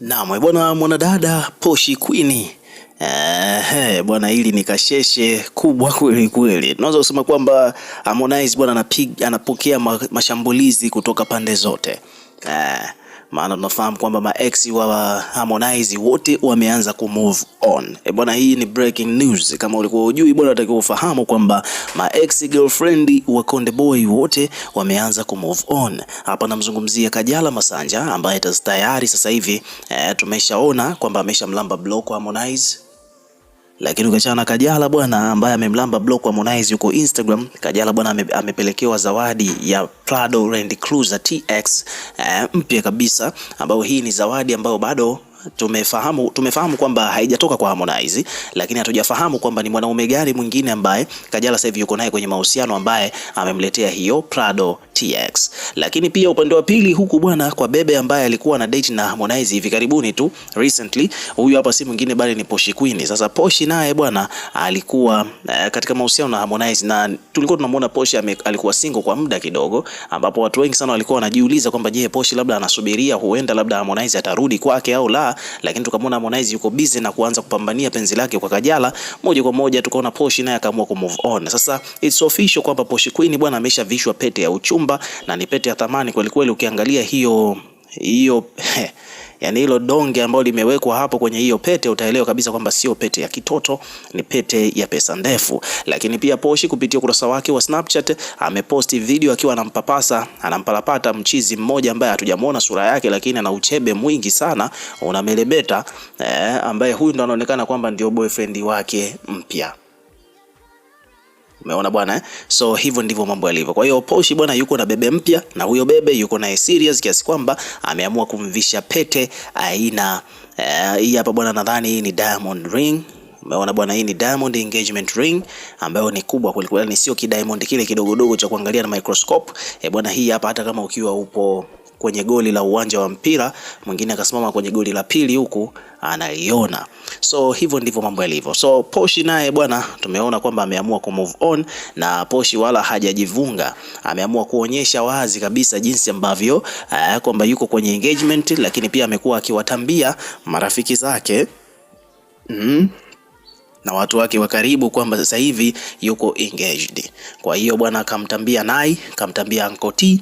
Naam, bwana mwanadada Poshi Queen. Eh, bwana hili ni kasheshe kubwa kweli kweli. Tunaweza kusema kwamba Harmonize bwana anapiga anapokea mashambulizi kutoka pande zote. Eh maana tunafahamu kwamba maex wa Harmonize wote wameanza ku move on. E bwana, hii ni breaking news. Kama ulikuwa hujui bwana, unatakiwa ufahamu kwamba maex girlfriend wa Konde Boy wote wameanza ku move on. Hapa namzungumzia Kajala Masanja ambaye tayari sasa hivi e, tumeshaona kwamba ameshamlamba block Harmonize lakini ukiachana na Kajala bwana, ambaye amemlamba block Harmonize huko Instagram. Kajala bwana ame, amepelekewa zawadi ya Prado Land Cruiser TX eh, mpya kabisa, ambayo hii ni zawadi ambayo bado tumefahamu tumefahamu kwamba haijatoka kwa Harmonize, lakini hatujafahamu kwamba ni mwanaume gani mwingine ambaye Kajala sasa hivi yuko naye kwenye mahusiano ambaye amemletea hiyo Prado TX. Lakini pia upande wa pili huku bwana, kwa Bebe ambaye alikuwa na date na Harmonize hivi karibuni tu recently, huyu hapa si mwingine bali ni Poshi Queen. Sasa Poshi naye bwana alikuwa eh, katika mahusiano na Harmonize, na tulikuwa tunamwona Poshi alikuwa single kwa muda kidogo, ambapo watu wengi sana walikuwa wanajiuliza kwamba je, Poshi labda anasubiria huenda labda Harmonize atarudi kwake au la lakini tukamwona Harmonize yuko busy na kuanza kupambania penzi lake kwa Kajala, moja kwa moja tukaona Poshi naye akaamua ku move on. Sasa it's official kwamba Poshi Queen bwana ameshavishwa pete ya uchumba na ni pete ya thamani kweli kweli, ukiangalia hiyo hiyo yani hilo donge ambalo limewekwa hapo kwenye hiyo pete, utaelewa kabisa kwamba sio pete ya kitoto, ni pete ya pesa ndefu. Lakini pia Poshi kupitia ukurasa wake wa Snapchat ameposti video akiwa anampapasa anampalapata mchizi mmoja ambaye hatujamuona sura yake, lakini ana uchebe mwingi sana unamelebeta, eh, ambaye huyu ndo anaonekana kwamba ndio boyfriend wake mpya. Umeona bwana eh? So hivyo ndivyo mambo yalivyo. Kwa hiyo Poshi bwana yuko na bebe mpya, na huyo bebe yuko naye serious kiasi kwamba ameamua kumvisha pete aina eh, hii. Uh, hapa bwana, nadhani hii ni diamond ring Umeona bwana, hii ni diamond engagement ring ambayo ni kubwa kuliko, ni sio kidiamond kile kidogodogo cha kuangalia na microscope. E bwana hii hapa hata kama ukiwa upo kwenye goli la uwanja wa mpira mwingine akasimama kwenye goli la pili huku anaiona. So hivyo ndivyo mambo yalivyo. So Poshi naye bwana, tumeona kwamba ameamua ku move on na Poshi wala hajajivunga, ameamua kuonyesha wazi kabisa jinsi ambavyo uh, kwamba yuko kwenye engagement, lakini pia amekuwa akiwatambia marafiki zake mm na watu wake wa karibu kwamba sasa hivi yuko engaged. Kwa hiyo bwana akamtambia Nai, kamtambia Anko T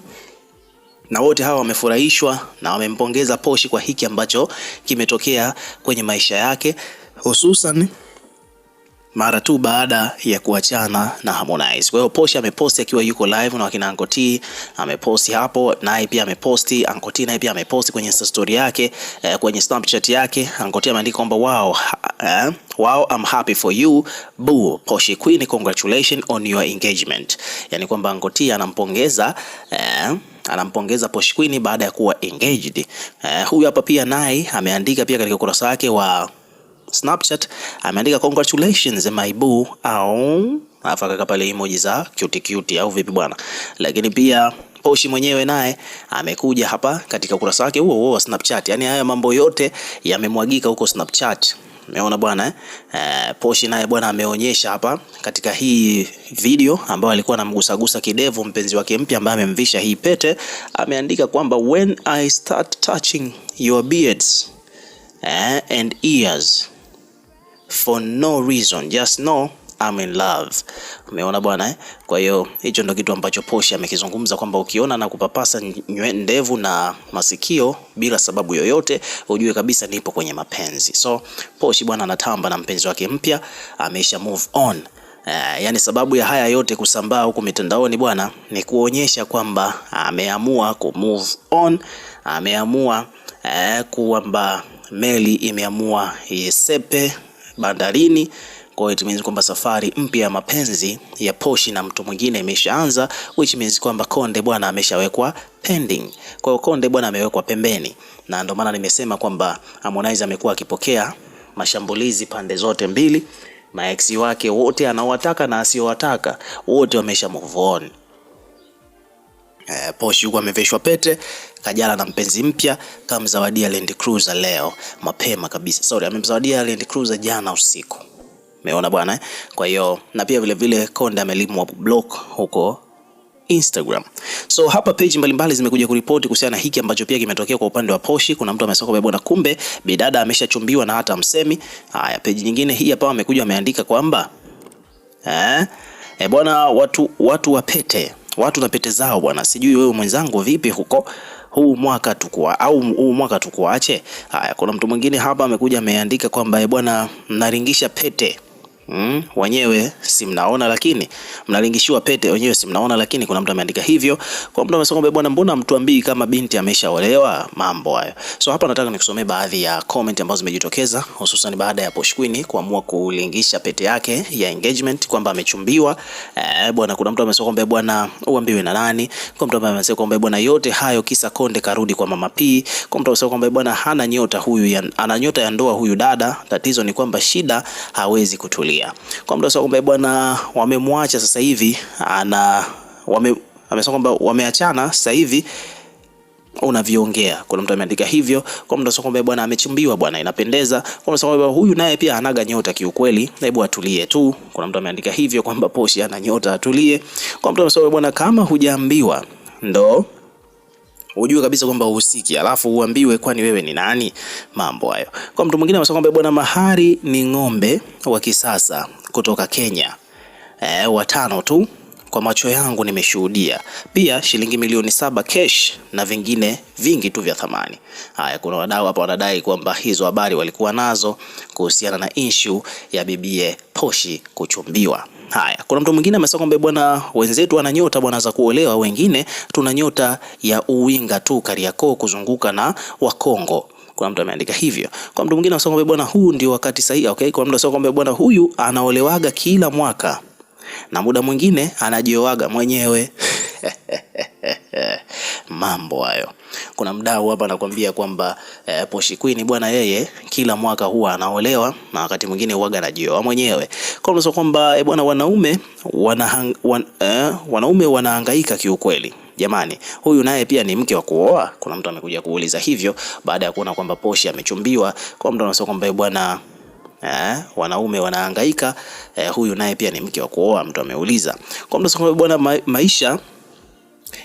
na wote hawa wamefurahishwa na wamempongeza Poshi kwa hiki ambacho kimetokea kwenye maisha yake, hususan mara tu baada ya kuachana na Harmonize. Kwa hiyo Poshi ameposti akiwa yuko live na wakina Anko T, ameposti hapo naye pia ameposti, Anko T naye pia ameposti kwenye story yake, eh, kwenye Snapchat yake. Anko T ameandika kwamba wow, eh? Wow, I'm happy for you boo, Poshy Queen, congratulations on your engagement. Yani kwamba Ngoti anampongeza eh? anampongeza Posh Queen baada ya kuwa engaged eh. Huyu hapa pia naye ameandika pia katika ukurasa wake wa Snapchat ameandika congratulations my boo, au afakaka pale emoji za cute cute au vipi bwana. Lakini pia Posh mwenyewe naye amekuja hapa katika ukurasa wake huo huo wa Snapchat, Yaani haya mambo yote yamemwagika huko Snapchat. Umeona bwana eh? Eh, Poshi naye bwana ameonyesha hapa katika hii video ambayo alikuwa anamgusagusa kidevu mpenzi wake mpya ambaye amemvisha hii pete, ameandika kwamba when I start touching your beards eh, and ears for no reason just know I'm in love. Umeona bwana eh? Kwa hiyo hicho ndo kitu ambacho Poshy amekizungumza kwamba ukiona na kupapasa ndevu na masikio bila sababu yoyote, ujue kabisa nipo kwenye mapenzi. So Poshy bwana anatamba na mpenzi wake mpya, ameisha move on. Uh, eh, yani sababu ya haya yote kusambaa huku mitandaoni bwana ni kuonyesha kwamba ameamua ku move on, ameamua uh, eh, kwamba meli imeamua isepe bandarini. Kwa hiyo it means kwamba safari mpya ya mapenzi ya Poshi na mtu mwingine imeshaanza, which means kwamba Konde bwana ameshawekwa pending. Kwa hiyo Konde bwana amewekwa pembeni, na ndio maana nimesema kwamba Harmonize amekuwa akipokea mashambulizi pande zote mbili, maeksi wake wote anawataka na asiyowataka wote wamesha move on. Eh, Poshi huko ameveshwa pete, kajala na mpenzi mpya, kamzawadia Land Cruiser leo mapema kabisa. Sorry, amemzawadia Land Cruiser jana usiku. Umeona bwana eh? Kwa hiyo na pia vile vile Konda amelimwa block huko Instagram. So hapa page mbalimbali mbali zimekuja kuripoti kuhusiana na hiki ambacho pia kimetokea kwa upande wa Poshi. Kuna mtu amesoka bebo na kumbe bidada ameshachumbiwa na hata msemi. Haya, page nyingine hii hapa amekuja ameandika kwamba eh, e bwana, watu watu wa pete, watu na pete zao bwana, sijui wewe mwenzangu vipi huko, huu mwaka tukua au huu mwaka tukuache. Haya, kuna mtu mwingine hapa amekuja ameandika kwamba e bwana, mnaringisha pete Mm, wenyewe si mnaona, lakini mnalingishiwa pete, wenyewe si mnaona, lakini kuna mtu ameandika hivyo. Kwa mtu amesema kwamba bwana, mbona mtuambii kama binti ameshaolewa? Mambo hayo. So hapa nataka nikusomee baadhi ya comment ambazo zimejitokeza, hususan baada ya Posh Queen kuamua kulingisha pete yake ya engagement kwamba amechumbiwa. Eh, bwana, kuna mtu amesema kwamba bwana, uambiwe na nani? Kwa mtu amesema kwamba bwana, yote hayo kisa Konde karudi kwa Mama P. Kwa mtu amesema kwamba bwana, hana nyota huyu, ana nyota ya ndoa huyu dada, tatizo ni kwamba shida hawezi kutulia historia. Kwa muda sasa kwamba bwana wamemwacha sasa hivi ana wame, amesema kwamba wameachana sasa hivi unaviongea. Kuna mtu ameandika hivyo kwa mtu kwamba bwana amechumbiwa bwana, inapendeza kwa sababu huyu naye pia anaga nyota kiukweli, hebu atulie tu. Kuna mtu ameandika hivyo kwamba poshi ana nyota, atulie. Kwa mtu bwana, kama hujaambiwa ndo ujue kabisa kwamba uhusiki, alafu uambiwe kwani wewe ni nani? Mambo hayo. Kwa mtu mwingine anasema kwamba bwana Mahari ni ng'ombe wa kisasa kutoka Kenya, e, watano tu kwa macho yangu nimeshuhudia. Pia shilingi milioni saba cash na vingine vingi tu vya thamani. Haya, kuna wadau hapa wanadai kwamba hizo habari walikuwa nazo kuhusiana na issue ya bibie Poshi kuchumbiwa. Haya, kuna mtu mwingine amesema kwamba bwana, wenzetu wana nyota bwana za kuolewa, wengine tuna nyota ya uwinga tu, Kariakoo kuzunguka na Wakongo. Kuna mtu ameandika hivyo. Kwa mtu mwingine anasema kwamba bwana, huu ndio wakati sahihi. Okay, kwa mtu anasema kwamba bwana, huyu anaolewaga kila mwaka na muda mwingine anajioaga mwenyewe mambo hayo. Kuna mdau hapa anakuambia kwamba eh, Poshy Queen bwana, yeye kila mwaka huwa anaolewa na wakati mwingine huaga anajioa mwenyewe. Kwa hiyo kwamba e, bwana, wanaume wana, wan, eh, wanaume wanahangaika kiukweli. Jamani, huyu naye pia ni mke wa kuoa? Kuna mtu amekuja kuuliza hivyo baada ya kuona kwamba Poshy amechumbiwa. Kwa mtu anasema kwamba eh, bwana Eh, wanaume wanahangaika eh, huyu naye pia ni mke wa kuoa, mtu ameuliza. Kwa mtu bwana, maisha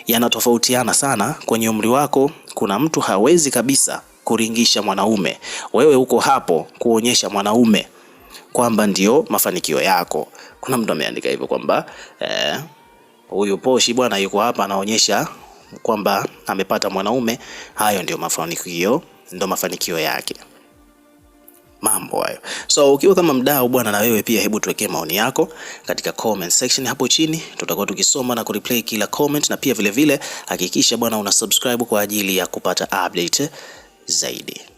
yanatofautiana sana kwenye umri wako. Kuna mtu hawezi kabisa kuringisha mwanaume, wewe uko hapo kuonyesha mwanaume kwamba ndio mafanikio yako. Kuna mtu ameandika hivyo kwamba eh, huyu eh, Poshi bwana yuko hapa anaonyesha kwamba amepata mwanaume, hayo ndio mafanikio, ndio mafanikio yake mambo hayo. So ukiwa kama mdau bwana, na wewe pia, hebu tuwekee maoni yako katika comment section hapo chini, tutakuwa tukisoma na kureplay kila comment, na pia vilevile vile, hakikisha bwana una subscribe kwa ajili ya kupata update zaidi.